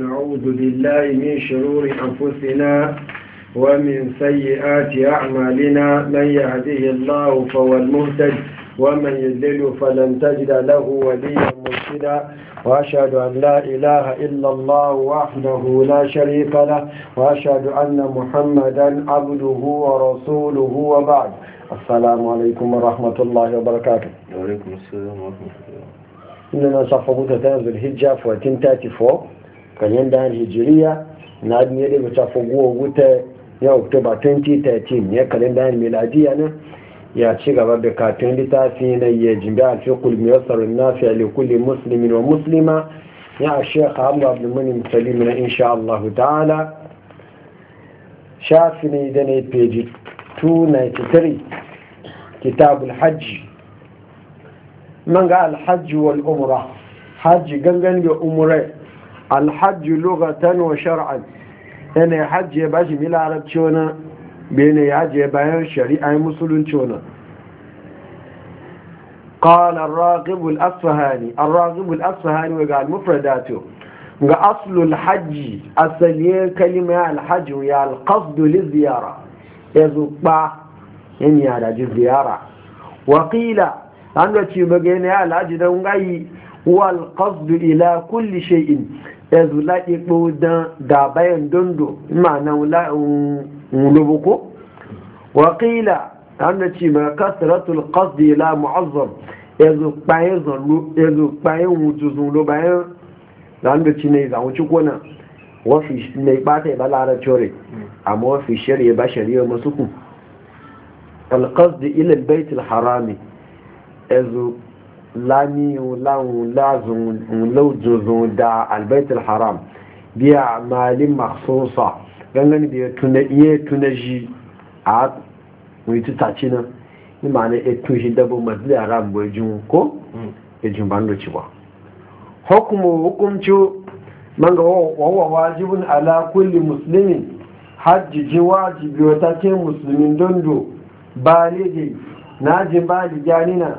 نعوذ بالله من شرور أنفسنا ومن سيئات أعمالنا من يهده الله فهو المهتد ومن يذل فلن تجد له وليا مرشدا وأشهد أن لا إله إلا الله وحده لا شريك له وأشهد أن محمدا عبده ورسوله وبعد السلام عليكم ورحمة الله وبركاته وعليكم السلام ورحمة الله إننا صفقت تنزل الهجة 1434 da hijiriya na ne da wata faguwa wuta ya oktoba 2013 ya kalendar miladiya nan ya ci gaba da katin littafi na ya jimbi na fiye da likulli musulmin wa muslima ya shekha abu abdulmuni musulmi na insha Allah ta'ala shafi ne da ne peji 293 kitabul hajji man ga alhajji wal umra hajji gangan ga umrai الحج لغة وشرعا أنا حج يباش ملا عرب شونا بين يحج يباش شريعة مسلم شونا قال الراغب الأصفهاني الراغب الأصفهاني وقال مفرداته أصل الحج أصل كلمة الحج ويا القصد للزيارة يزبع يعني على الزيارة وقيل أنه تيبقين يا الحج ده والقصد إلى كل شيء yanzu laƙi ɓodan da bayan dondo ma'ana um, wuloboko wakila hannu ci mai kasaratul kasdi la mu'azzam yanzu kpayin wujuzun lo bayan hannu ci ne zaun ci wafi ne bata ya ba lara core amma wafi ba masu ku harami yanzu lami lauzun da albaitul haram biya malin maksusa gangan da ya tuna shi a wuce ci nan ni ma na etu shi dabo mazili haram bai jin ko ya hmm. jin ban da cewa hukumu hukumcu man ga wawa wajibin ala kulli muslimin ji wajibi wata ke musulmin dondo ba ne na jin ba da janina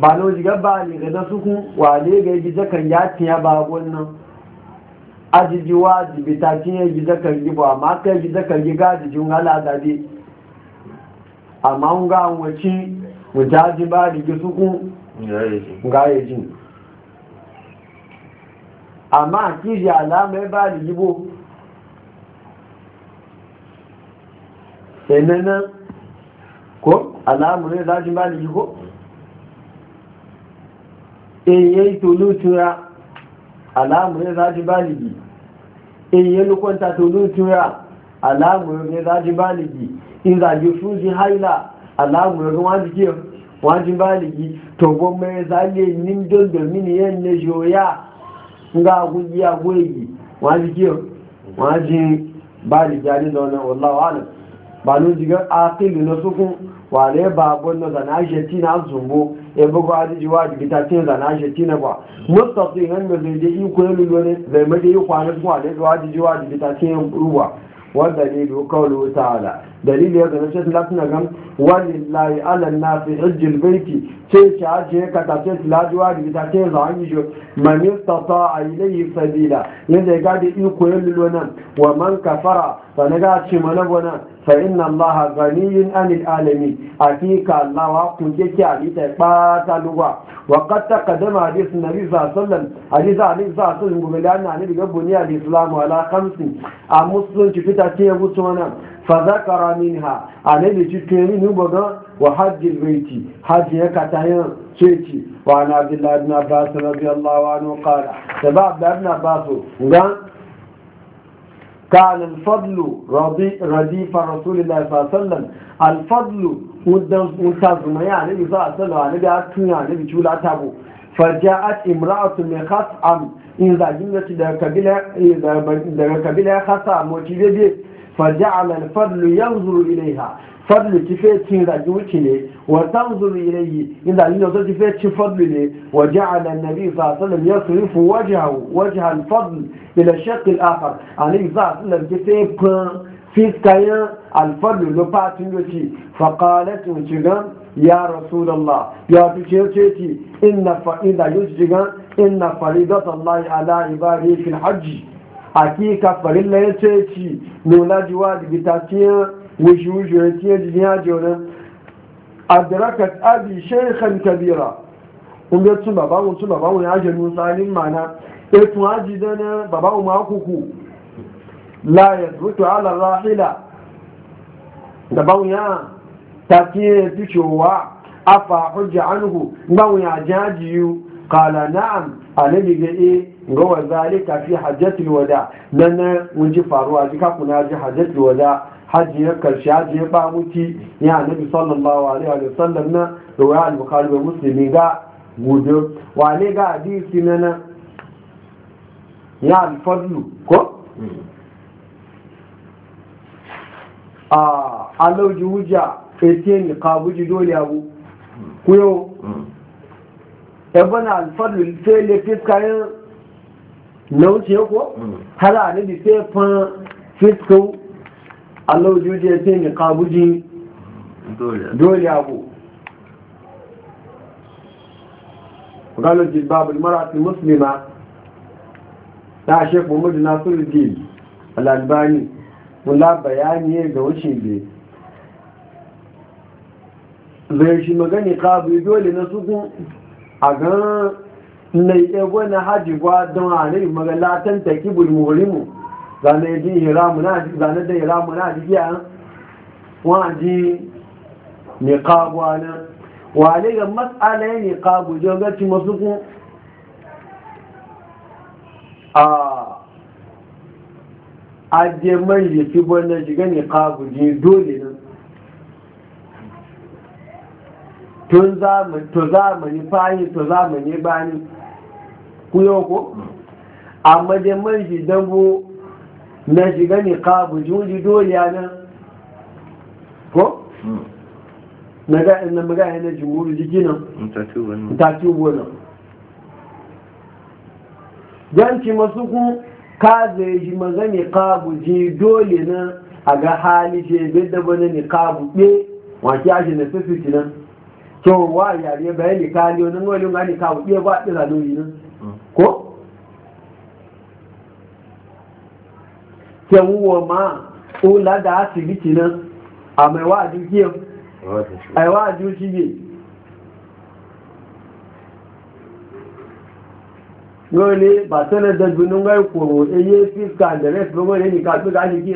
ba na wajen gaba ne ga na sukun wale ga yi zakan ya tiya ba wannan ajiji wa jibita kin ya yi zakan yi ba amma kai yi zakan yi gajijin da zabe amma n ga wacin wajaji ba da ke sukun ga ya ji amma kiji alamai ba da yibo sai nan ko alamu ne zajin ba da yibo èyí tolótúra aláàmùrẹ́ rájúbálìgì èyí lókọ́ntà tolótúra aláàmùrẹ́ rájúbálìgì ìrìnàjò fún sí haila aláàmùrẹ́ rájúbálìgì tọ̀gbọ́ mẹ́rẹ́ sáyé ní dọ́dọ̀ míniyàn ní ṣòyà ńgá agúgbí agú èyí wọ́n ba no jiga aqilu na suku wale babon na zana jeti na zumbo e bugu aji jiwa ji ta zana jeti na ba mustafi han da zai dai iko ne lulone zai ma dai iko ne zuwa ne jiwa ji jiwa ji ta tin ruwa wa dalilu qawlu ta'ala dalili ya gana cikin lafin na gam walillahi ala nafi hajjil baiti ce ce aje ka ta ce lajuwa ji ta tin zan yi jo man yastata ilayhi sabila yanda ga dai iko ne nan. wa man kafara fa na ga ci mana فإن الله غني عن العالمين أتيك الله وقل وقتك عليك لغا وقد تقدم حديث النبي صلى الله عليه وسلم حديث عليه الصلاة والسلام قبل أن النبي الإسلام على خمس المسلم تفتح يبصونا فذكر منها النبي تتكلم نبغا وحج البيت حج يكتين سيتي وعن عبد الله بن عباس رضي الله عنه قال سبع بن عباس قال كان الفضل رضي رديف رسول الله صلى الله عليه وسلم الفضل وتزم يعني إذا أصلوا على بيعتون يعني بيجولا تابو فجاءت امرأة من خاص ام إن ذا جملة ذا كبيلة خصم وتبيبي فجعل الفضل ينظر إليها فضل كيف تين ذا وتنظر إليه إذا لن يصد فيه تفضله وجعل النبي صلى الله عليه وسلم يصرف وجهه وجه الفضل إلى الشق الآخر النبي صلى الله عليه وسلم كتب في كيان الفضل لباتنوتي فقالت وشغان يا رسول الله يا الله إن فإذا يشغان إن فريضة الله على عباده في الحج hakika farin na ya ce ci nuna jiwa da bitatiyan wushi adrakat abi shaykhan kabira kun ga tun baba mun tun baba mun ya janu sanin mana e tun haji dana baba mu akuku la yadrutu ala rahila da mun ya tafiye ficewa afa hujja anhu mun ya yu qala na'am alabi ga e ga wa zalika fi hajjatil wada nan mun ji faruwa ji ka kuna ji hajjatil wada hajji ya karshe hajji ya ba muti ya annabi sallallahu alaihi wa sallam na rawaya al-bukhari wa muslimi ga gudu wa ne ga hadisi na na ya al-fadlu ko a ah, alauji hujja ete ni kabuji dole abu Ku Yau ebana al-fadlu sai le fiskayen na wuce ko mm. hala ne bi sai fan fiskau Allah juji ya ce ni kabuji dole abu gano jilbabul mara'ati muslima ta shek muhammadu nasiruddin al-albani mula bayani ga wuce ne zai shi magani kabu dole na suku a gan na igwe na gwa don hannun latin takibul muhrimu zane ji hiramu na ji zane da hiramu na biya? giya wa ji ne kagwa na Wani ga matsala ya ne kagwa jo gaci masu kun a ajiye mai da fi bane shiga ne kagwa ji dole nan tun zamani fayin to zamani bani kuyo ko amma dai man shi dambo na shiga ne kabu juji doliya hmm. na ko? na ga'in na magaya na jimuru jiki nan tatubu nan janci masu ku ka zai shi maza ne kabu ji dole na a ga hali ce bai daba na ne kabu ɗe wake ashe na fifiti nan cewa wa yare bayan ne kaliyo nan wani ne kabu ɗe ba ɗira lori nan ko? kyanwo ma ula da asibiti nan a mai wa dukiyar a yi wa dukiyar lórí bàtẹ́lẹ̀ dẹ̀gbìnú gáì kòrò eyé fífà ìdẹ̀rẹ́ ìfẹ́gbọ́n ní ìka tó dáṣe kí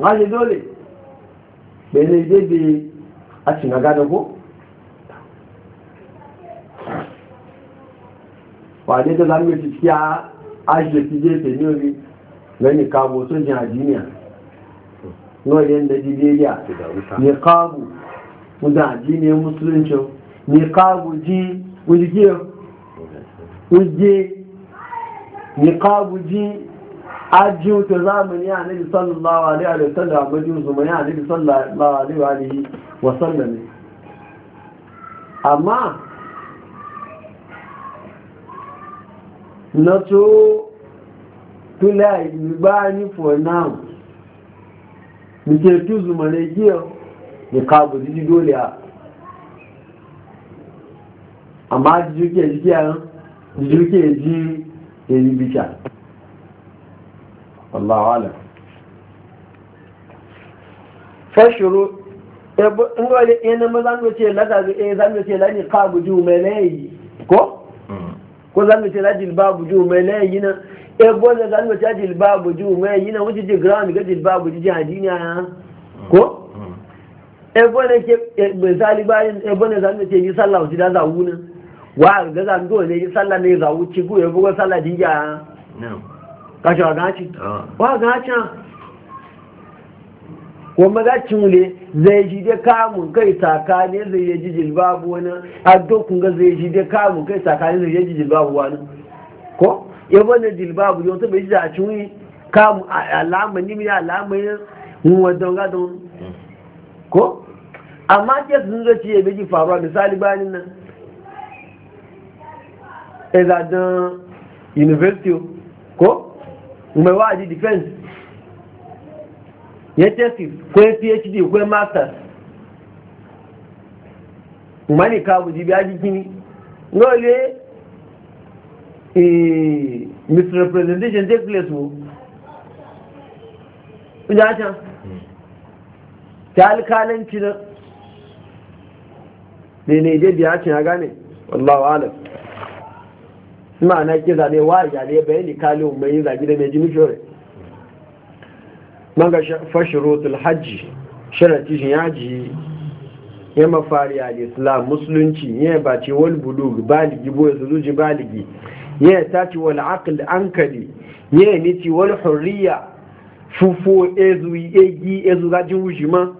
wọ́n ṣe tó lè pẹ̀lú ìdébè àṣìnàgádọ́gbó wà ní tó lámì ti kí a ṣe ti dé pẹ̀lú orí gani kabo sun jina jiniya no yin da jibiriya ne kabo muda jiniya musulunci ne kabo ji wujige wujige ne kabo ji ajiyu ta zamani a nabi sallallahu alaihi wa sallam majiyu zumani a nabi sallallahu alaihi wa sallam amma na to to like ni for now mi ke tu zuma ne giyo ni ka bu di dole a amma jiju ke jiki Allah wala fashiru ebe ngole ene mazan go ce lada e zan go ce lani ka ju mele ko mm. ko zan go ce ladi babu ju mele yina ebo da zan mace jilbabu ji mai yi na wuce jigrawan ga jilbabu ji jihadi ne a ko ebo da ke e, misali bayan ebo da zan mace yi sallah wuce da zawu wa ga zan dole yi sallah ne zawu ci ko ebo ga sallah din ya ka shi ga ci ah. wa ga ci wa maza cimule zai ji da kamun kai tsakanin zai yi ji jilbabu wani a dokun ga zai ji da kamun kai tsakanin zai yi ji jilbabu wani ko ya bane jilbabu yau to bai ji da cin ka alama ni mi alama yin wa donga don ko amma ke sun zo ci ya biji faruwa misali bayanin nan eza dan university ko mai waji defense ya tesis ko ya phd ko ya masters mani ka buji biya jikini ngole Eh, misrepresentation take place wo ya can ta alkalanci na ne ne je biya cin ya gane wallahu alam ma na ke zane wa ya ne bayani kalin mai yin zagi da mai jini shore Manga ga fashirotul hajji sharati shin yaji ya mafari a islam musulunci ya ce wal budu baligi boye su zuji baligi ya tashi wal aql ankali ya yi ci wal hurriya fufu ezu egi ezu ga jin wuji ma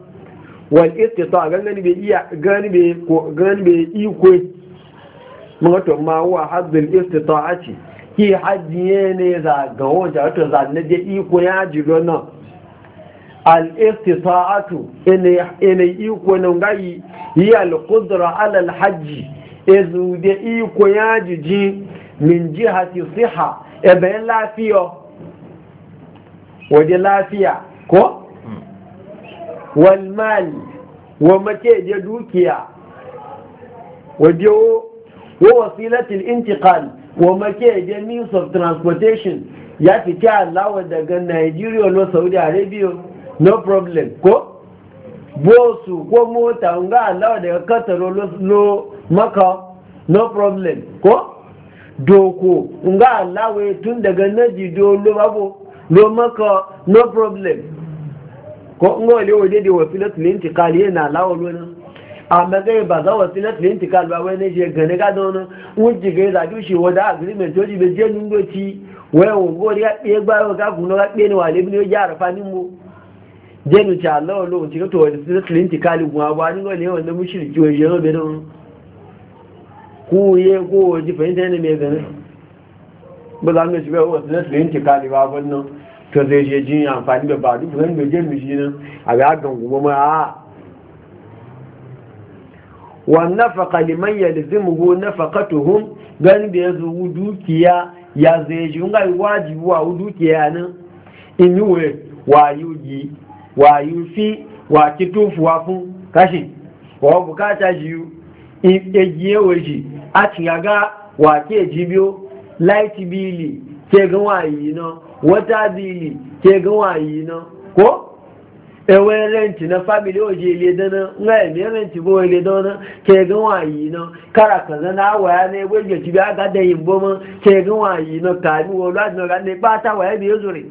wal istita ga gani be iya gani be ko gani be iko mun to ma wa haddul istita'ati ki hajjiye ne za ga wanda to za ne je iko ya ji na al istita'atu ene ene iko na ngai yi al qudra ala al hajji ezu de iko ya jiji min jihati siha ebe lafiyo waje lafiya ko wal wa mace je dukiya waje wa wasilatil intiqal wa mace je means of transportation ya fita allawa daga nigeria no saudi arabia no problem ko bosu ko mota nga allawa daga qatar lo maka no problem ko doko nga allawe tun daga naji do lo babo maka no problem ko ngo le wode de wasilat lintiqal yana lawo lona amma gai ba za wasilat lintiqal ba wai ne je gane ga don wuji gai da dushi wada agreement joji be je ti wai wo ya be gba ga kuno ga be ni wale bi ni ya rafa ni mu je cha lawo lo ti to wasilat gwa ni kuye ko waje fahimta ne mai ganin ba za mu shiga wasu na fahimta kari ba wannan to zai je jin amfani da ba duk wani mai jirgin shi nan a ga gangu ma a wannan faka liman ya lizimu mugu na faka ganin gani da ya zo dukiya ya zai ji nga yi wajibi wa dukiya nan in yi we ji fi wa kitofuwa fun kashi. wa bukata jiyu in ejiye wa shi Ati yaga ga wake jibiyo light bili ke gan yi na water bili ke gan yi na ko ewe rent na family oje ile dana nga eme rent bo ile e dana ke gan wayi na kara kaza na waya na egbe je ti bi aga de yin bo mo ke gan wayi na ka ni wo la na ga ne pa ta waya bi ozure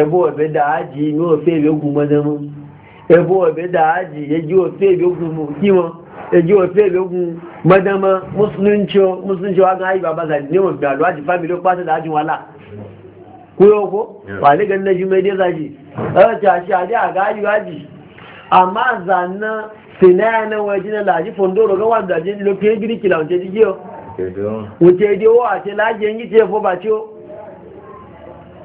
ebo ebe da aji ni e e o fe bi ogun mo na mo ebo ebe da aji eji o fe bi ogun mo ki mo èyí wọn fẹ́ lógún mọ́dánmọ́ mùsùlùmí wa gan ayé bàbá zàdì ní wọn gbàlọ́ àti fámìlì ó pàṣẹ dájú wa là kúrò kó wà ní ganin ju mai dai zaji ɗan eh, tashi a dai a gaji gaji amma zanna sinaya na waje na laji fondoro ga wanda je lokacin girki wuce jigiyo wuce dai wa ce laji yanki ce fo ba ciwo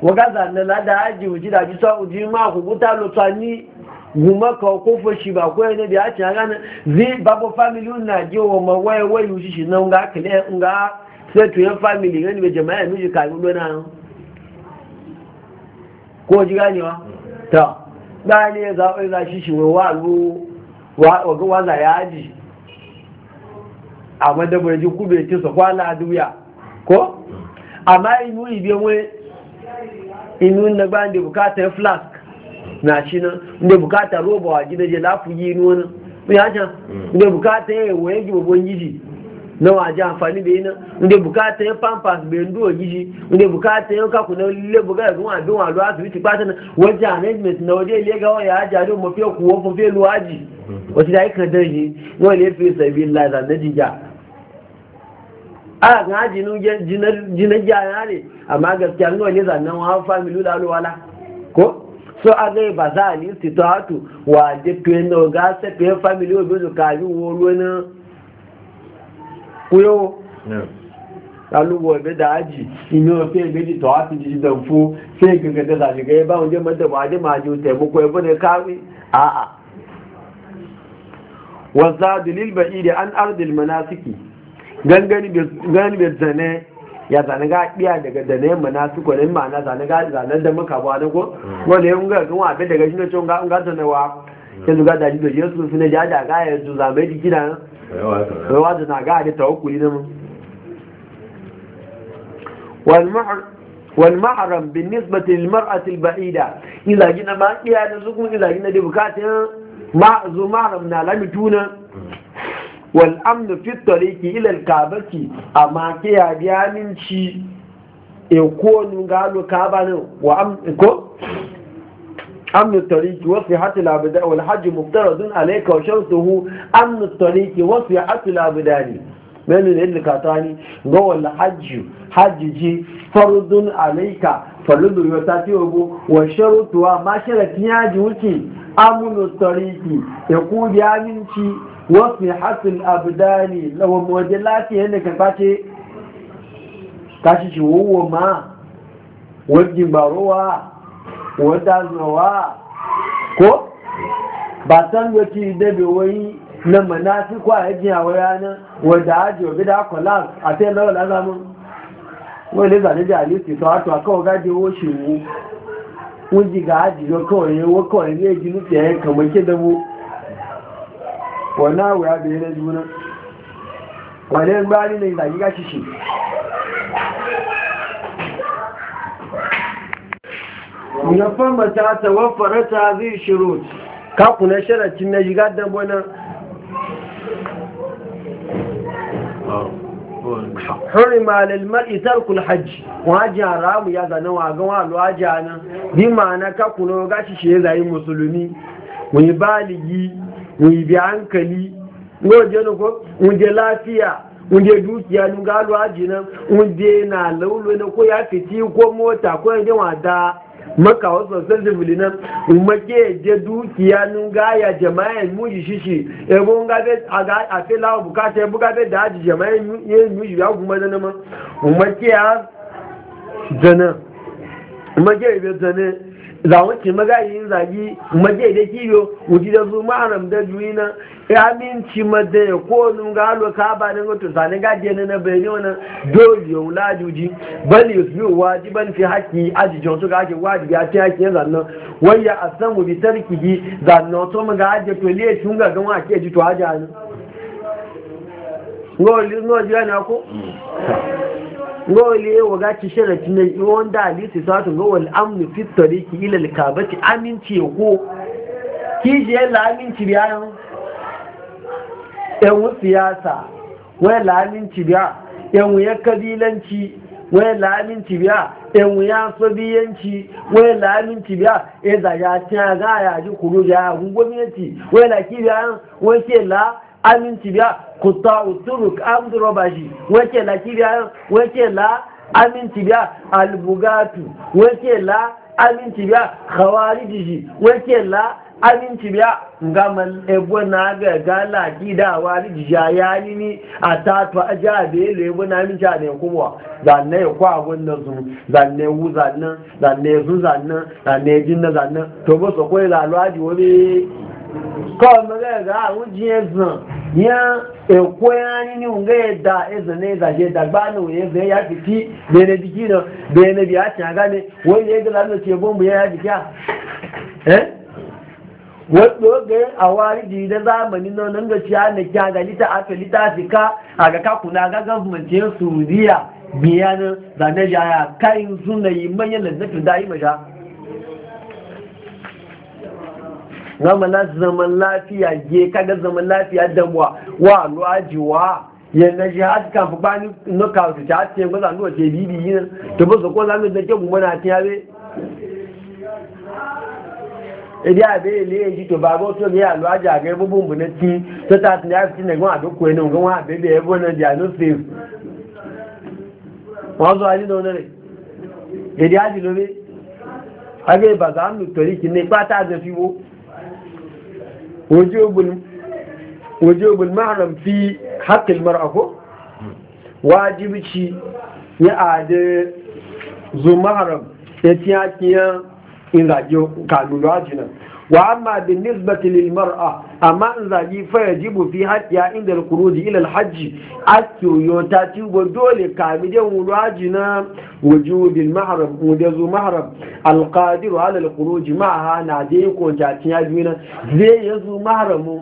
waga zanna lada aji wuce da bisa uji ma ku guta lotani guma ka kofa shi ba ko ne da ya ci ranar zai babu family na je wa mawaye wayu shi nan ga kale ga sai to yan family ne be jama'a ji ka gudu na ko ji ganewa ta da ne za a za shi shi wa ru wa ga waza ya ji a madabar ji kube ci su kwala duya ko amma inu ibe we inu na ba da bukatar flask na shi nan inda bukata roba wa gida je lafu yi nuwa nan mun inda bukata ya ndị gi babban gishi na waje amfani da yi nan inda bukata ya pampas bai nduwa gishi inda bukata ya kaku na lile bugaya zuwa abin wa luwa asibiti kwata na waje arrangement na waje ile gawa ya haji adon mafi kuwa luwaji wasu da fi sabi laza na jiga a kan haji ne amma gaskiya nuna ne zannan wa so a zai ba za a ni sito hatu wa je pe da ga se pe family obi zo ka ju wo lo na kuyo wo be da ji aji no ofe be di to hatu ji da fu se ke ke da za ke ba onje de ba de ma ju te bu ko e bu ne ka wi a a wa za zadilil ba'idi an ardil manasiki gangani be gangani be zane ya zane ga biya daga da ne mana su ko ne mana zane ga zane da muka ba ne ko mm. wanda yau ga kuma abin daga shi ne cewa ga ga zane wa mm. yanzu ga da shi da Yesu su ne da da ga yanzu zame di na wai wa zana ga da tawakkuli ne mun wal mahr wal mahram bin nisbati lil mar'ati al ba'ida ila gina ma iya da su kuma ila gina da bukatun ma zu mahram na lamituna mm. wal amnu fi tariqi ila al kabati amma ke ya bi aminci e ko nu galo kaba ne wa am ko amnu tariqi wa sihhatu al abda wal hajj muftaradun alayka wa shartuhu amnu tariqi wa sihhatu al abdani menu ne da katani ga wal hajj hajji fardun alayka faludu yata ti obo wa shartu wa ma sharati ya ji wuce amnu tariqi e ko aminci wasu hasin abudani lawan waje lafiya yadda kan face kashi shi wuwa ma wajen barowa wadda zuwa ko ba san wace dabe wani na manasi kwa ya a wayana wadda aji obi da kolas a te lawa lazamin wani zane da alisti a kawo gaji shi ga wannan da ya bayyana juna wannan bayanin ne zagi gashi shi nufin mata ta wafara ta zai shiro kafu na sharacin na jigar da bane hori malil mar'i tarkul hajji wajen ramu ya zane wagon alwajanan bi ma na kakuno gashi shi ya zai musulmi wani baligi mu bi hankali ngo je no ko mu je lafiya mu je dukiya nu ga lu ajina mu je na lawlo na ko ya fiti ko mota ko je da maka wasu sassan nan umake je dukiya nun gaya jama'in muji shishi ebo nga be aga afela bukata ebo ga be da aji jama'in ye muji ya kuma dana ma umake ya zana umake ya zana za wace magayin zagi maje da kiyo wuji da su ma'aram da juina ya minci mada ya konu ga halo ka ba nan wato sani gaje na na bayani wani dole yau lajuji bali su waji ban fi haki ajijin su ga ake waji ya fi haki ya zannan Waya, a san zannan mu ga to liye ga gama ake ji to ne. Ngo ko? Mm. ngole wa ga ci sharati ne wanda hadisi sa su ga wal amn fi ki ila al kabati aminci ko ki je la aminci biya yan siyasa wai la aminci biya yan ya kabilanci wai la aminci biya yan ya sabiyanci wai la aminci biya e da ya ta ga ya ji kuru ya gwamnati wai la ki biya wai ke la aminci biya kuta uturuk amdu shi wace la kibiya wace la aminci biya albugatu wace la aminci biya khawarijiji wace la aminci biya ngamal ebo na ga gala gida wariji jayani ni atatu ajabe le ebo na aminci ne kuma ya kwa gunna su zanne wu zanne zanne su zanne zanne jinna zanne to bo so ko la lwaji kọ́ọ̀mù gẹ́gẹ́ ahụ ji ẹ̀zàn ya ekwe anyị ní ǹgẹ́ ẹ̀dà ẹ̀zàn ní ẹ̀zà ṣe dàgbà ní òun yẹn fẹ́ yá ya kí bẹ̀rẹ̀ bí kí nà bẹ̀rẹ̀ bí àti àgá ni wọ́n yẹ gẹ́gẹ́ lánàá ti ẹ̀bọ́n bẹ̀rẹ̀ yá ti kí à. na a nà kí àgà lítà àfẹ́ lítà àti ká àgàkà kùnà àgá gọ́ọ̀mẹ̀ntì yẹn zama na zaman lafiya ge kaga zaman lafiya damuwa wa luwaji wa yanda shi har kan fi bani no su ta ce ba zanu ce bibi yin to ba su ko da ke mu na ta yabe ebi abe le yi to ba to ge a ga ge bu bu ne ti to ta ya ti ne gwa do ko ne gwa wa be be e na ne ebi aji a be age ba za mu tori ki ne wo wajibul ma'aram fi haƙƙin mar'ako wajibci ya ade zu ma'aram ya tiya tiya in rajo kanulo wa amma bin nisbati lil mar'a amma in zagi faya jibu fi haƙƙiya inda alkuruji ilal hajji akiru yo ta ci wa dole kami da wuru haji na wujudin maharab mudazu maharab alqadiru ala alkuruji ma ha na je ko jatin ya biyu na zai yazu maharamu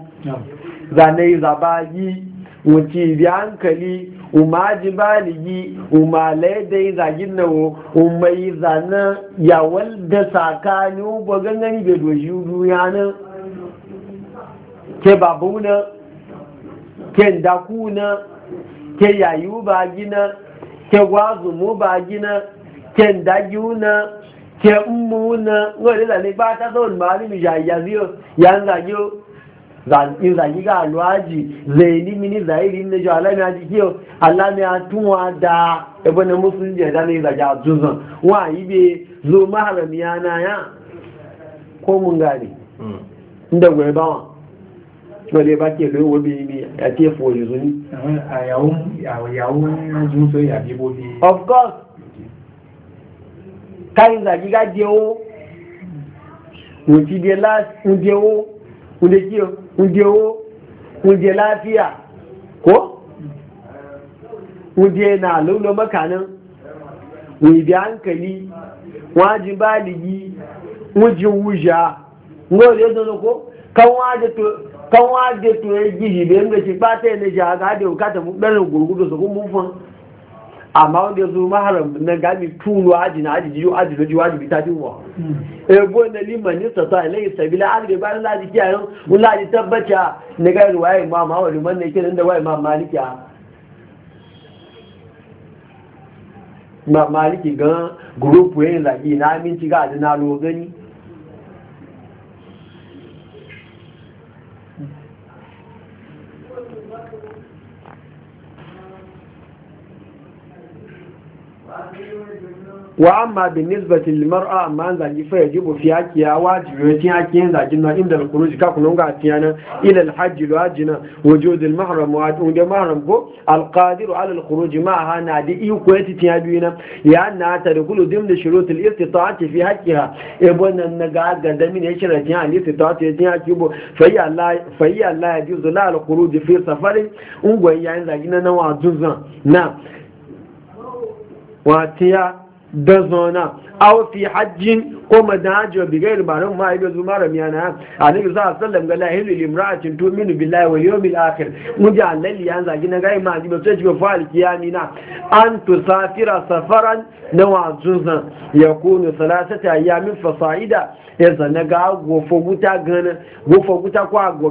zane zabagi wuci bi hankali umaji baligi umalai da yi zagin na wo umai zanen yawal da sakani ubo gangani bai doji duniya na. ke babuna ke ndakuna ke yayu gina ke gwazumu gina ke ndajuna ke mmuna ngore da ne ba ta zo malimi ya yaziyo yanza yo in zagi ga alwaji zai ni mini zahiri e ne jo alami a jiki yau alami a tunwa da ebe na musulun jihar ne zagi a zuzan wa yi zo maharami yana ya ko mun gani inda hmm. gobe bawa tí wọ́n lè bá kí èlò bí i àti èfò òyìnbó ní. of course káyìnzà gíga kó na lólo makanin wọ́n ibi hankali wọ́n á jí báàlì yìí wọ́n jí wọ́n kó á jẹ́ tó kan wa de to e gidi be nge ti ba ne ja ga de ka ta mu gurgudu mun amma wanda zo maharam na gami tulu aji na aji jiyo aji hmm. e bo aji ba la ji kiyan mun la ji tabbata ne ga ruwaye ma ma man ne ma maliki gan na ga adina lo gani wa amma bi nisbati lil mar'a amma an zagi fa yajibu fi hakiya wajibi tin an zagin na inda al khuruj ka kunun ga tiyana ila al hajj al wajina wujud al mahram wa wujud al mahram ko al qadir ala al khuruj ma hana di iko yati tiyabina ya anna tadkhulu dimn shurut al istita'ati fi hakiha e bonan naga ga da min yashira tin al istita'ati tin hakibo fa ya allah fa ya allah yajuzu la al khuruj fi safarin ya yayin zagin na juzan na watiya da zona aw fi hajjin ko madajo bi gair barin ma ibe zuma ramiya na annabi sallallahu alaihi wasallam ga lahi lil imra'atin tu'minu billahi wal yawmil akhir muja lalli yan zagi na gai ma ji ba ji ba fa'al na an tusafira safaran na wazuzan yakunu salasata ayyamin fasa'ida ya zanaga gofo guta gana gofo guta ko agwa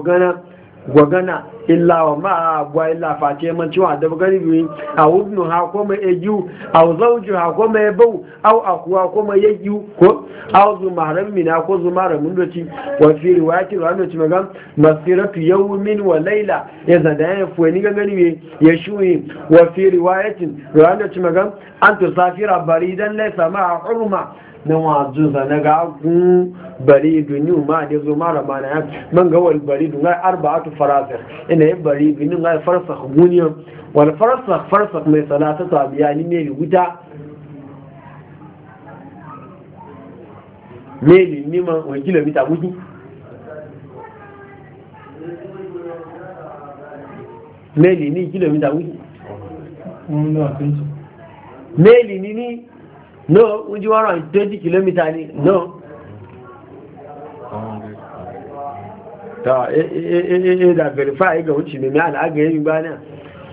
gwagana illa wa ma'a gwa illa face man cewa da bugari biyu a wubnu ha kuma ejiyu a zauju ha kuma ya bau au akuwa kuma mai yiwu ko wuzu maharar mina ko maharar mundoci wa fi riwayati wa hannu cimaga masiratu min wa laila ya zada ya fuwa ni gangani ne ya shuyi wafi fi riwayatin wa hannu cimaga an tusafira don laisa a hurma na wazu zane ga gun baridu ni ma da zo mara mana ya man ga wal baridu ngai arba'atu farasa ina yi baridu ni ga farasa guniya wal farasa farasa mai salata ta biya ni ne wuta meli ni ma wani kilomita gudu meli ni kilomita gudu meli ni ni no wọ́n jí wọ́n 20 km ní no ta ẹ̀ẹ́dà verify ga wuce mai mẹ́rin agayen gbá náà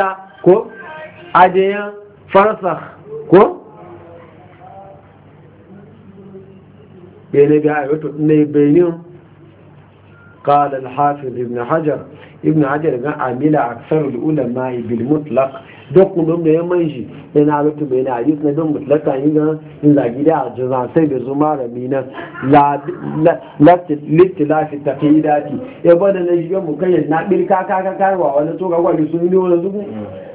ta ko ajiyan farsakh ko bene ga ayoto ne benin قال الحافظ ابن حجر ابن حجر قال عمل أكثر العلماء بالمطلق dokun don da ya man shi ya na rutu mai na hadis na don mutlaka yi ga zagi da ajiza sai da zuma da mina lati ta ke yi dati ya bada na shiga mu kai na birka kaka wa wani to gagwa da sun yi wani zuku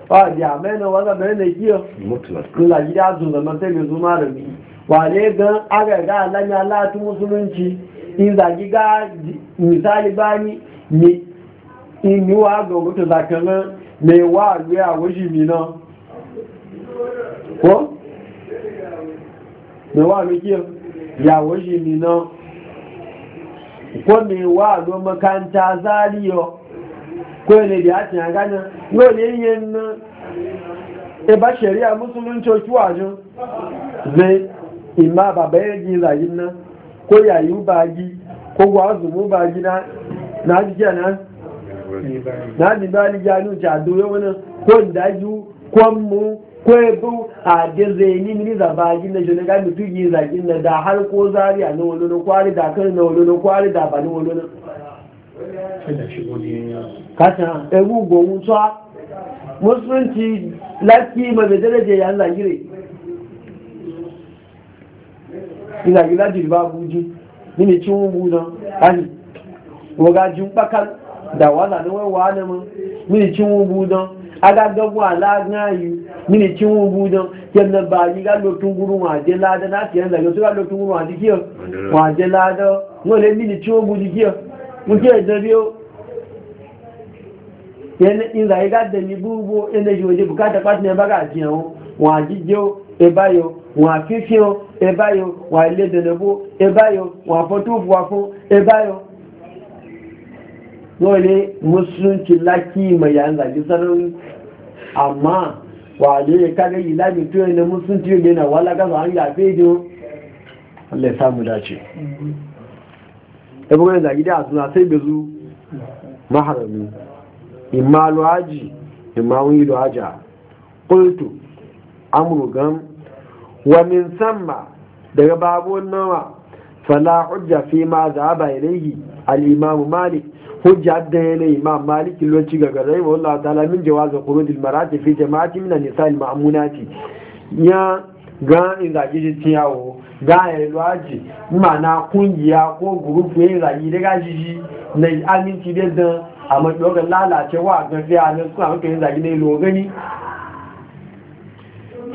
a da mai na wanda mai na kiyo in zagi da ajiza ma sai da zuma rami wane gan aga ga alanya lati musulunci in zagi ga misali bani ni in yi wa ga mutu zakarar mai wa alwe a waje mi nan ko? mai wa alwe kiyar ya waje mi nan ko mai wa alwe makanta zariyo ko ne da ya ce ya gana yau ne yin e ba shari'a musulunci kiwa jin zai ima baba ya yi zayin nan ko yayi ba gi ko gwazumu ba gi na na jiya nan na ji bali janu ta doyo wani ko daju ko mu ko ebu a de zeni mini za ba gi na jona ga mutu yi za gi na da har ko zari a no wani kwari da kan na wani kwari da ba ni wani kasa ewu gowu tsa musulunci laki ma da daraje ya zangire ina gila jirba buji mini cin budan ani waga jin bakan da wala ni wai wani mun mini cin wubu don agagagu alagayu mini cin wubu don yadda ba yi ga lokin guru waje lada na fiye da gasu ga lokin guru waje kiyar waje lada wale mini cin wubu di kiyar muke da biyo yana in zai ga da ni bubu yana ji waje bukata kwasi ne baga a jiyan waje jiyo ebayo wọn àfífíọ́ ẹbáyọ e wọn àìlédèlébó ẹbáyọ e wọn àfọ́tòfò àfọ́ ẹbáyọ e wani musulunci laki mai yan zaki sarari amma wale ya kaga ilami tuyo na musulunci yau yana wala kasa an yafe jiyo Allah ya samu dace ebe wani zaki da suna sai bezu maharami imma lu'aji imma wani lu'aja kultu amurgan wa min samma daga babu nawa fala hujja fi ma zaba ilayhi al-imam malik hujja da ne imam maliki loci ga garai wa Allah ta'ala min jawazin khurujil marati fi jama'ati min an-nisa al-ma'munati ya ga inda gidi tiyawo ga ya mana kungiya ko group ne rayi daga jiji na aminci da dan amma dogon lalacewa ga fiya ne su amma kai zagi ne lo gani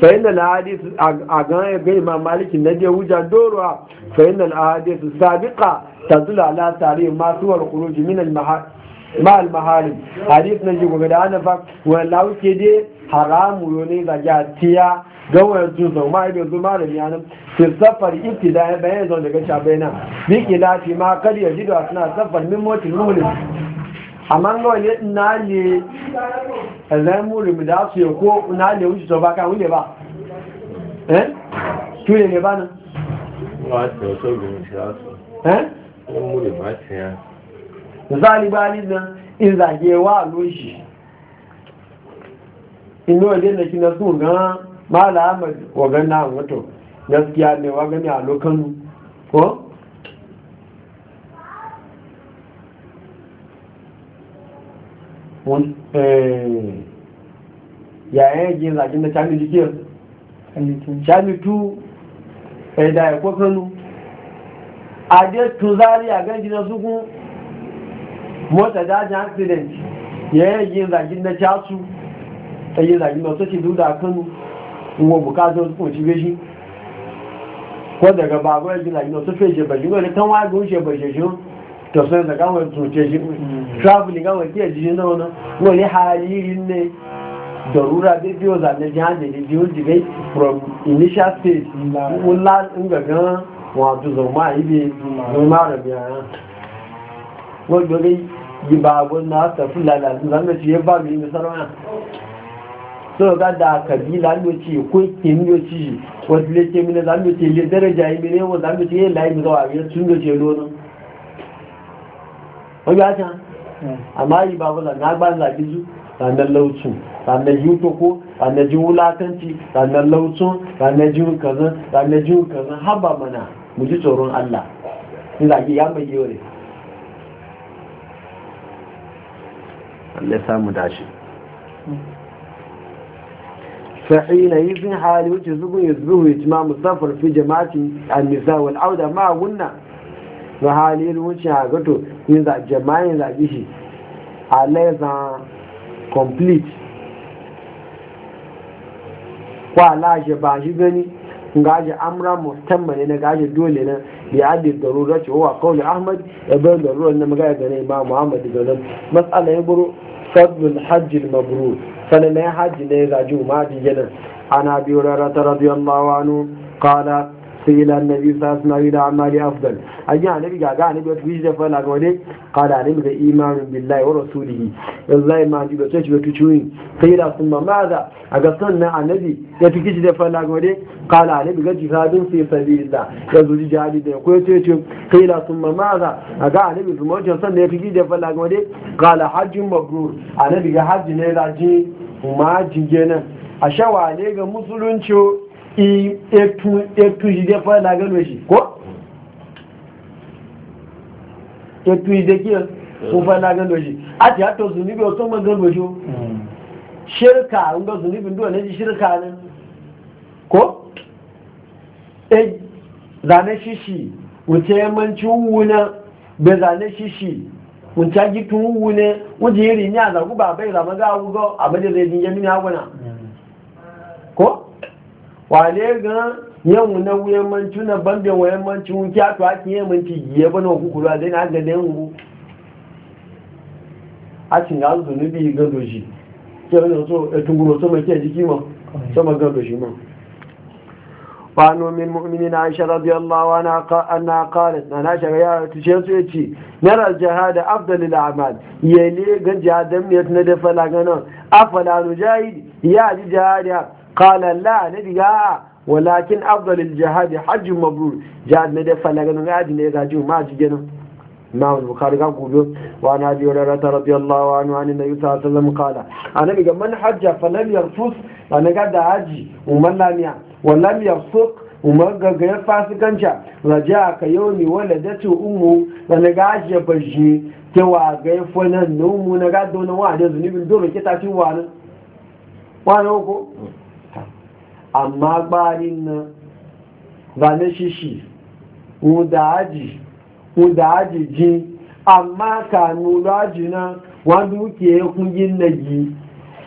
Fainal Hades a gan ega ema malami na je hujja, doro wa fainal Hades, sabbiƙa tatsuniyar al'adu tare da masu wargulun jiminan mahalmaharin. na ji gwamnati ana ba wani lauke dai haramun ruwa ne zagi a siya. Gawar Junaidu ba zan yi da duniya ba, ta safar yadda bai yanzu da daga a bai nan. Bikin ma kada ya ji da wasu suna safar min motar nuhu ne. A manganin ẹ̀lẹ́ mú rèmì dáàtù èkó náà lè oúnjẹ tọba ká wílé bá ẹ́ kí lè lè bá náà wọ́n á tẹ̀ ọ́ sóbìnrin ìṣẹ́lásọ ẹ́ mú rèmì bá tẹ̀ ẹ́ ìsáàlìgbà nínú ìzàgé wà lóṣì inú ọdẹ́ gan Eh, yayin yake zagin da cami jikiyar cami tu da ya kwakwalu a dai tuzari a na suku mota dajin accident yayin yake zagin da casu ta yi zagin da soke duk da kanu wa bukatar su kunci beshi ko daga babu yake zagin da su fe shebashi wani kan wagon shi tọ̀sán ẹ̀sẹ̀ káwọn tòṣe ṣe traveling káwọn ìpí ẹ̀jíṣẹ́ náà náà wọ́n ní ààyè ilé dọ̀rúra biyo ọ̀sà lẹ́jẹ́ àjèjì tí ó jìgẹ́ from initial stage ńlá ńgbẹ̀gán wọn àtúnṣe ọmọ àyíbi ọmọ àrẹ̀bí àrán wọ́n gbọ́ pé yìbá na náà sàfúlà làdùn lánàá ti yẹ bá mi ní sọ́rọ́ so ga da kabila ci ko kin ci, wata lake mini za mu le daraja yi mini wanda mu ci, yi layi mu zawa biyar tun da ce nono ó yá tán amma yi babu da na ranar ranar ranar wulatanci ranar ranar kazan ranar kazan haba mana mu ji tsoron allah in zagi ya mai yore Allah ya samu dashi فحين يزن حالي وجه زبن يزبوه إتمام السفر في جماعة النساء والعودة قلنا na halin wuce a gato yin za jama'in zaɓi shi a laizan complete kwa lashe ba shi gani gaji amra musamman ne na gaji dole na ya adi darura ce wa kawai ahmad ya bayan darura na magaya ga nai ma Muhammadu da nan matsala ya buru fadlul hajji mabrur sanan ya hajji ne ya zaji ma jinan ana biyu rarata radiyallahu anhu kada. sai ila annabi sallallahu alaihi wasallam ila amali afdal anya annabi ga ga annabi to yi fa na ga wani qala ni bi imanin billahi wa rasulihi wallahi ma ji bace ci bace ci sai ila sun ma da aga sunna annabi ya tiki ji fa na ga wani qala ni bi gaji hadin fi sabilillah ya zuri jali da ko ce ce sai ila sun ma da aga annabi kuma ji san ne tiki ji fa na ga wani qala hajjun mabrur annabi ga hajji ne da ji kuma jinjena a shawa ne ga musulunci etu shi dai fara gano shi ko? etu shi dai kiyar ko fara gano shi a ti hato zunubi wasu man gano shi hmm. shirka nga zunubin duwa na ji shirka nan ko? e zane shishi wuce yammanci wuna bai zane shishi wuce gitun wune wuce yiri ni a zagu ba bai zama ga wugo a madadin yamin ya guna hmm. ko? wale ga yan na wuyan manci na bambin wuyan manci wunki a to ake yin manci giye ba na kukuru a zai na ga ne wuru a cin ya zo zunubi ga doshi ke wani so a e tunguro sama ke jiki ma sama ga doshi ma wani min mu'mini na aisha radiyallahu wa na ana kare na na shaga ya tushe su ya ci na rajaha da abdalil amal yele ga jihadin ne na da falaganan afalanu jahidi ya ji jihadi قال لا نبي ولكن افضل الجهاد حج مبرور جاد ندى فلغن غادي نيزاجي ما جينا ما البخاري قال وانا ابي هريره رضي الله عنه عن النبي صلى الله عليه وسلم قال انا بقى من حج فلم يرفض انا قد أجي ومن لم يع ولم يفسق ومن قاعد فاسقا رجاء كيومي ولدت امه أنا قاعد بجي كوا غير فنان نوم وأنا قاعد دون واحد يزني كتاتي وانا وانا amma gbarin nan ba na shishi da aji ji amma kanu aji nan wanda uke ya kungin na yi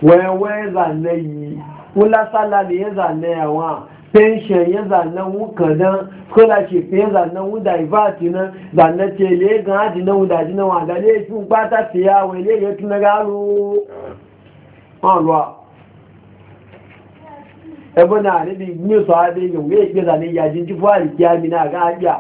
waiwai zane yi kula salari ya zane yawa pension ya zane wuka nan scholarship ya zane wu divert nan zane tele gan aji nan wu daji nan wanda ne fi gbata siya wai ne ya tuna garo ebe na nabi ne so ade yo we gbe da ne ya jin ji fari kiya mi na ga abiya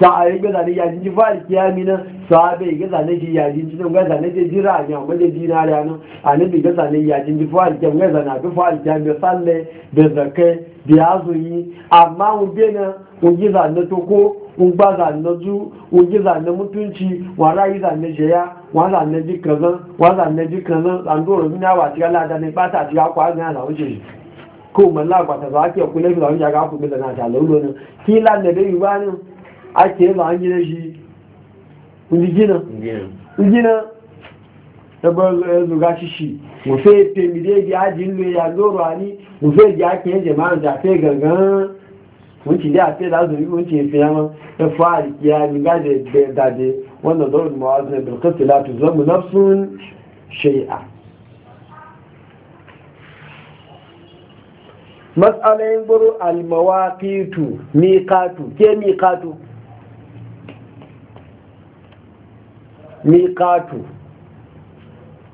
sa ayi gbe da ne ya jin ji fari kiya na so abe gbe da ne ji ya jin ji ga da ne ji ra ya ga da dina ya no anabi gbe da ne ya jin ji fari kiya ga da na bi fari kiya mi salle da zakai da azuyi amma un be na un ji da ne to ko un gba da ne ju un ji da ne mutunci wa rayi da ne jeya wa da ne ji kazan wa da ne ji kazan an do ro mi wa ti ala da ne pata ti akwa ga na o je ko man la ba ta za ki ku lafi zaun jaga ku billa na ta laulo ne kila da dai ba ne ake ba an gina shi kun gina gina tabar eh, zuga shi shi mu fe temide bi ajin le ya loro ani mu fe ja ke je ma da fe gangan mun ci da fe da zo yi mun ci fe ma da fari ya ni ga da wannan dole mu azne bil nafsun shay'a matsalayin buru almawaƙitu miƙatu ke miƙatu miƙatu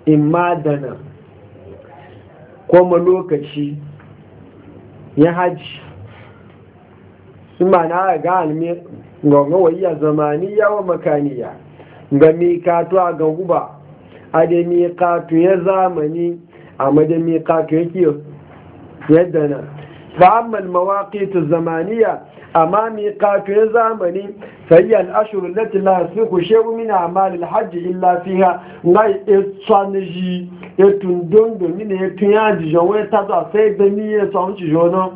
imadana kuma lokaci ya hajji imana ga almi gwagwawaiya zamani wa makaniya ga miƙatu a ga guba a da miƙatu ya zamani a da miƙatu ya yadda na فأما المواقيت الزمانية أمامي قاتل زمني فهي الأشهر التي لا يسلك شيء من أعمال الحج إلا فيها غاي إتصانجي إتندون من إتنيان جوان تضع سيد سيدني يتعنج جونا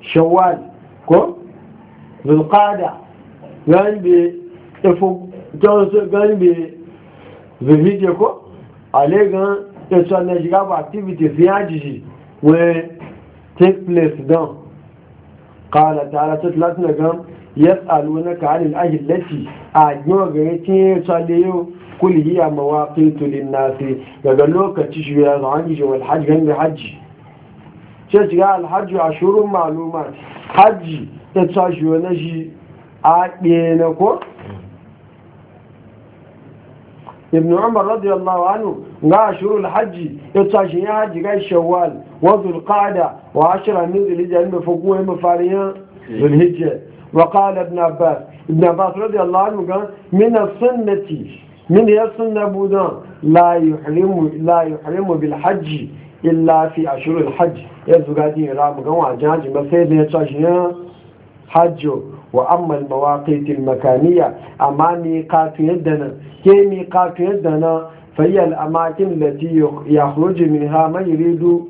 شوال كو ذو القادة غانبي إفو جانسو غانبي ذو فيديو كو ale gan eto anajiga for activities ya jiji wey take place don kala tara ta tilatin da gan yes aluna ka anil ahillati a yiwa gare ta ya tsale yau kuli hiya mawaƙi tulin nasi daga lokaci shi ya zuwa hajji wal hajji gan shiga alhajji a shirin maluma hajji ta tsashi wani shi a ɗaya ko ابن عمر رضي الله عنه لا شهر الحج يتاشي حج جاي شوال وذو القعدة وعشرة من ذي الهجة لما فقوه مفاريان الهجة وقال ابن عباس ابن عباس رضي الله عنه قال من السنة من السنة بودان لا يحرم لا يحرم بالحج إلا في أشهر الحج يا زوجاتي رام قام عجاج مسجد يتاشي حجه wa amma al-mawaqit al-makaniya amma mi qatu yaddana ke mi qatu yaddana fa hiya al-amakin allati yakhruju minha man yuridu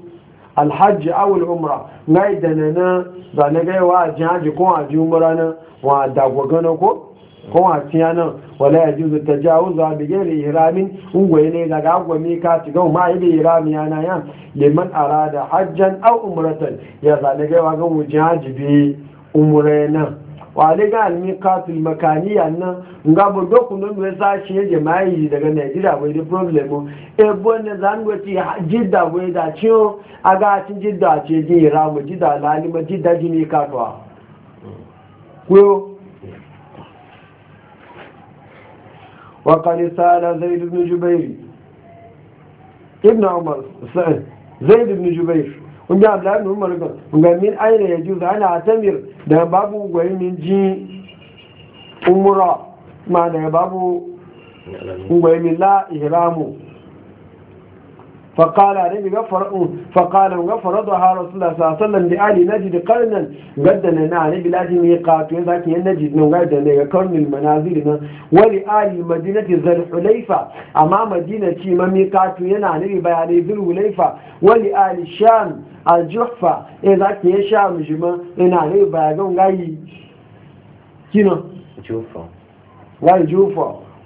al-hajj aw al-umra maidana na ba na ga wa hajj ko hajj umra na wa da gogana ko ko a wa tiyana wala yajuzu tajawuzu bi ghairi ihramin ungwe ne ga ga gwa mi ka ti ga ma ibi ihrami yana ya liman arada hajjan aw umratan ya za ne ga wa ga mu hajj bi umra na wale ga almikatul makaniya nan nga bo dokunan we sa shi je mai daga Najeriya wai e da problem e bonne zan ti jidda wai da ciwo aga cin jidda ce ji ramu jidda lalima jidda jini katwa ko وقد سأل زيد بن جبير ابن عمر زيد بن جبير kun ji abdullahi ibn umar kan ga min aina ya juzu ana atamir da babu gwai min ji umura, ma da babu gwai min la ihramu faƙala ne ga fara'un faƙala ga farado ha rasulullah sallallahu alaihi wasallam da ali najid qarnan gadda ne na ali ne ya zaki ya najid ne ga da ne ga qarnil manazil na wali ali madinati zal hulaifa amma madinati ma mi qatu yana ne bayani zul hulaifa wali ali sham al juhfa ya zaki ya sham jima ina ne bayani kino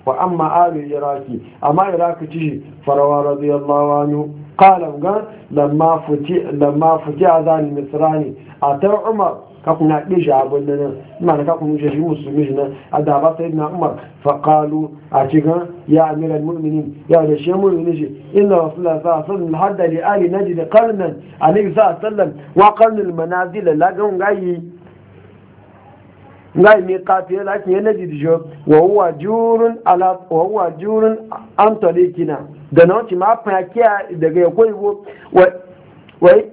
wa amma ali iraki amma iraki ci farawa radiyallahu anhu qala ga lamma fuji lamma fuji azan misrani ata umar ka kuna dishi abun nan ina ka kuna shi musulmi ne ada ba sai na umar fa qalu a cikin ya amira mu'minin ya da shi mu'mini shi inna rasulullah sallallahu alaihi wasallam hadda li ali najd qarnan alayhi sallam wa qarnul manazil la ga ngai ngai mi kafiye laki yana jidijo wa huwa jurun ala wa huwa jurun an Kina. da na wuce ma fakiya daga ya wo wa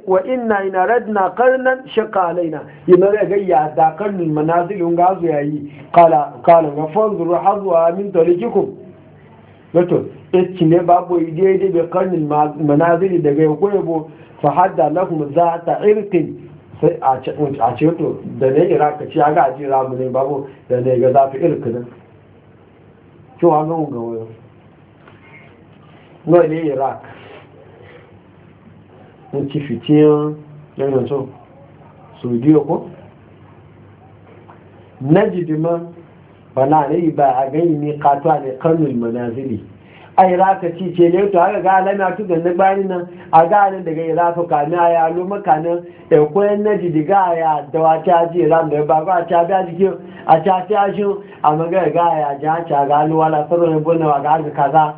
wa inna ina radna karnan shakka alaina yana da gayya da karnin manazilin gazu yayi qala kala ga fanzuru hazuwa min talikikum wato ichi ne babu idai da karnin manazili daga ya wo fa hadda lahum ta irtin sai a ceto da ne ira ka ci aga ji ramu ne babu da ne ga zafi irkinin cewa ga ga wayo no ne iraq n ci fitiyan yanayin so saudiya ko na jidima ba na ne ba a gani ne katuwa ne kanul manazili ai za ka ci ce ne to haka ga alama tu da na bani nan a ga nan daga ya zafi kami a ya lo makanin ya e koyan na jidiga ya da wa ta ji ran da ba ba ta bi a jiki a ta ta a a maga ga ya ja a ta ga lo wala sarar ya bonna wa ga haka kaza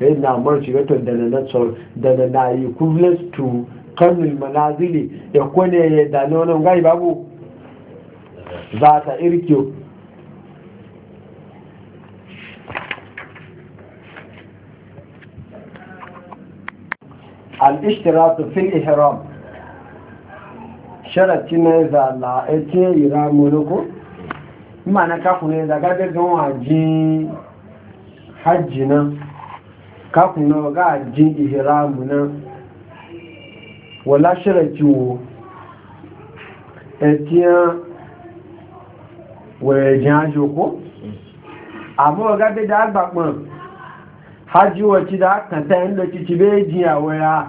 sai na mar shiga to da na da na yi equivalent to kanul manazili ya e kone ya da nonon gai babu za ta irkiyo al-ishtiratu fil ihram sharati ne za la ete ihramu loko mana ka kunu da ga ga gon haji haji na ka ga ihramu na wala sharati wo etiyan wẹ̀rẹ̀ jẹ́ ajoko àmọ́ ọ̀gá dédé àgbàpọ̀n hajjíwọ̀ tí dá kàntẹ́ ń lọ títí bẹ́ẹ̀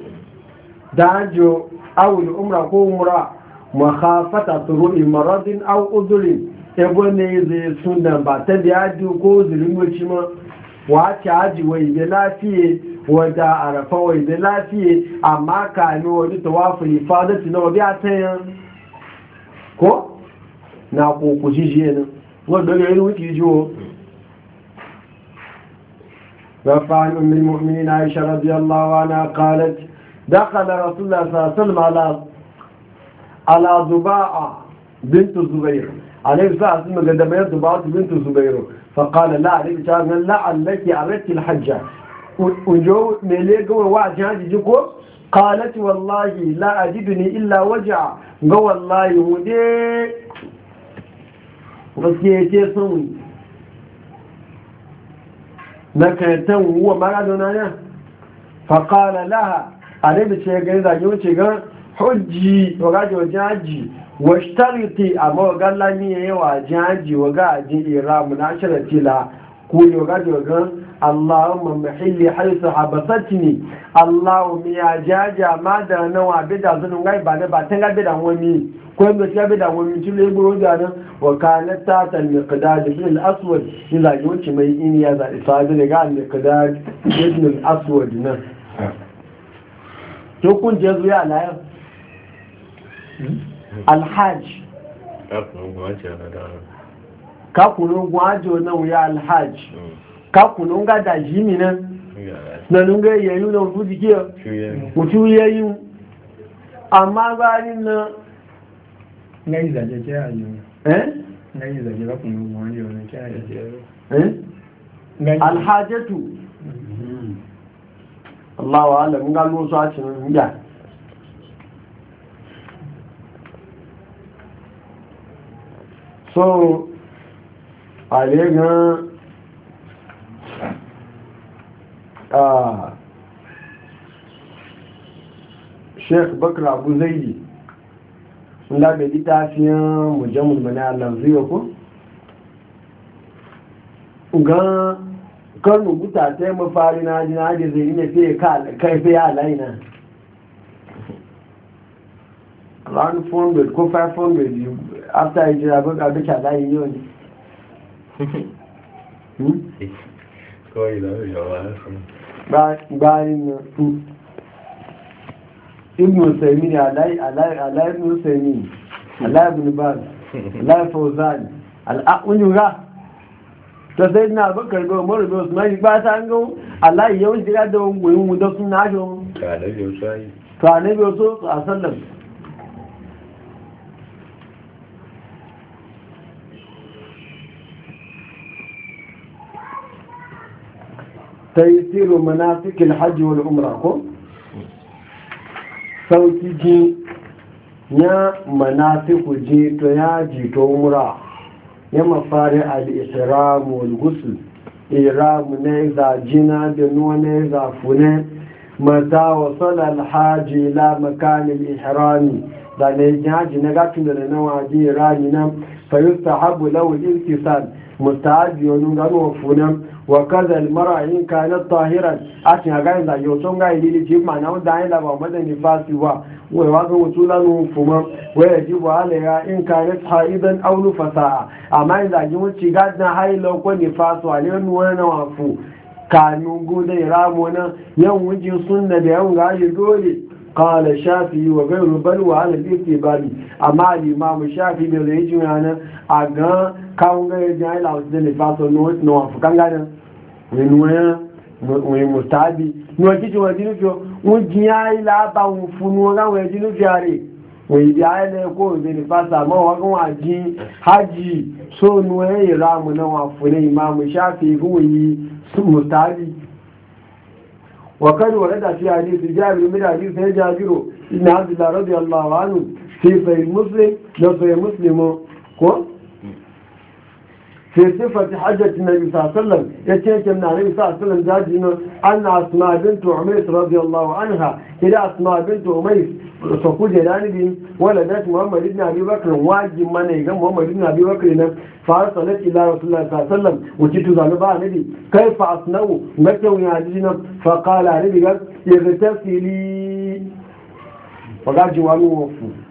da hajjo awul umra ko umra makhafata turu'i maradin aw udhrin ebo ne zai sunna ba ta da hajjo ko zulmuci ma wace haji wai da lafiye wanda arafa wai da lafiye amma kami wani tawafu ifadati na wabi a tayan ko na koko jijiye nan wanda ga yi wuce jiwo رفع أم المؤمنين عائشة رضي الله عنها قالت دخل رسول الله صلى الله عليه وسلم على على ضباعة بنت الزبير عليه الصلاة والسلام قدمت ضباعة بنت الزبير فقال لا عليك شعرنا لعلك عرفت الحجة وجو مليك وواجه جيكو قالت والله لا أجدني إلا وجع قال والله ودي وسكيتي صوي نكتن هو ما قالوا فقال لها annabi ce ga zage wuce ga hujji wa gaji wa jaji wa shtariti amma wa galla ni yayi wa jaji wa gaji iramu na sharati la ku yi wa gaji wa ga Allahumma mahilli haisu habasatni Allahumma ya jaja ma da wa bida zunun gai ba da ba tan gabe da wani ko da ta bida wani tun da yabo da nan wa kana ta tal miqdad ibn al aswad ila yuci mai in ya da isa da ga al miqdad ibn al aswad nan tó kún jẹ́ zuwa aláyọ̀ alhaj kakunun gwajo na wuya alhaj kakunun gada jimi nan na nunga yayu na wutu jikiya wutu yayu amma bayanin na na na yi zaje amma wa ala nga lo so a cin ya so alega ah sheikh bakr abu zaidi wanda bai littafin mujammul mana Allah zuwa ko ga kan rubuta ta yi mafari na ji na ji zai yi ne fiye kai fiye a laina around 400 ko 500 after yi jira baka duka layi yau ne bayan hmm? na hmm. ibn usaimini alayi ibn usaimini alayi ibn alayi fauzani al'akun to sai na bakar ga umaru wasu, usman ba ta an gawo allah yawan jira da wani mu da sun na wani to annabi su a sallam mana manasikil hajji wani umra ko sauki ji ya manasiku ji to ya ji to umra ya mafari al-ihram wal ghusl ihram ne za jina da nuna za fune mata wasala al-haji ila makan al da ne jaji na gatin da na waje rani nan fa yustahabu lahu wa kaza almara in kana tahiran atin aga da yo son ga ili ji ma na da ila ba madan ni fasi wa wa wa ga wutula nu fuma wa ji wa ala ya in kana haidan aw nufasa amma in da ji wuci ga da hailo ko ni fasu ale nu wannan wa fu kanu gode ramo nan yan wuji sunna da yan gaji dole قال شافي وغير بل وعلى الاستباب اما الامام الشافي بيجي معنا اغان كان غير جاي لاوز دي فاسو نوت نو فكان wọ́n mọ̀ tàbí ní ọjí tí wọ́n fi ọ wọ́n jí àìlà wọn fún wọn láwọn ẹjí ní fi ààrẹ wọ́n ìdí àìlà ẹkọ́ òde ní fásitì àmọ́ wọn kọ́ wọn àjí hajji sóònù ẹ̀ ìrà àmọ́ náà wọn fún ní ìmáàmù ṣáfì ìfúnwò yìí mọ̀ tàbí وقد ورد في حديث جابر من حديث جابر بن عبد الله رضي الله عنه في صحيح مسلم لو صحيح مسلم كو في صفة حجة النبي صلى الله عليه وسلم يتيك من النبي صلى الله عليه وسلم جاجنا أن أسماء بنت عميس رضي الله عنها إلى أسماء بنت عميس سقو جلاني بن ولدت محمد بن أبي بكر واجب من يقام محمد بن أبي بكر فأرسلت إلى رسول الله صلى الله عليه وسلم وجدت ذنبها نبي كيف أصنعوا مكة ويعجزنا فقال نبي قال اغتسلي فقال جوانه وفوه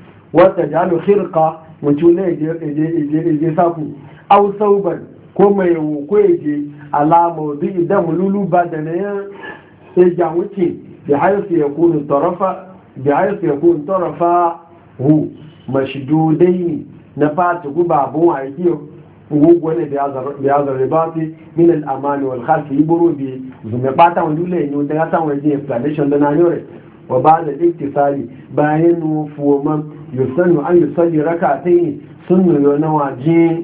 wata jalo hirka mutum ne je sabu au sauban ko mai ko ya je alama wadda idan mululu ba da na yan ya wuce da haifu ya kunu tarafa da haifu ya kunu tarafa hu mashidodai ne na fata guba abun haikiyar wani da ya zarre ba fi min al'amani wal khalfi iburu bi zume bata wani dole ne wanda ya samu yaji explanation da na yore wa ba da iktisali bayan nufuwa man يسن أن يصلي ركعتين سن ينواجين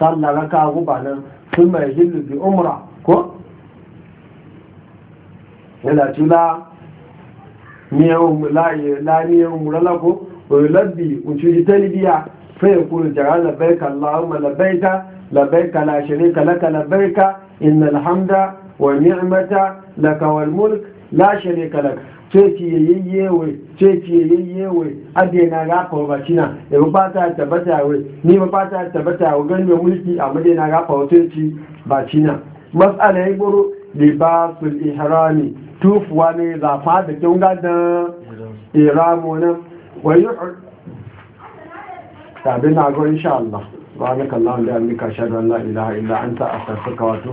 صلى ركع غبانا ثم يجل بأمرة كو يلا تلا ميوم لا لا ميوم لا ويلبي وتشي تلبيا فيقول تعالى لبيك اللهم لبيك لبيك لا شريك لك لبيك إن الحمد والنعمة لك والملك لا شريك لك ceci ya yayyewe ceci ya yayyewe ade na gafa wa bacina da e ba fata tabbata wa ni ba ta tabbata wa ganin mulki a made na gafa wa ceci bacina mas'ala ya goro libasul ihrami tufuwa ne zafa da kyau gadan iramu nan wa yi tabi na go insha Allah ba na kallon da amurka shaɗu Allah ilaha illa an ta a sarfaka wato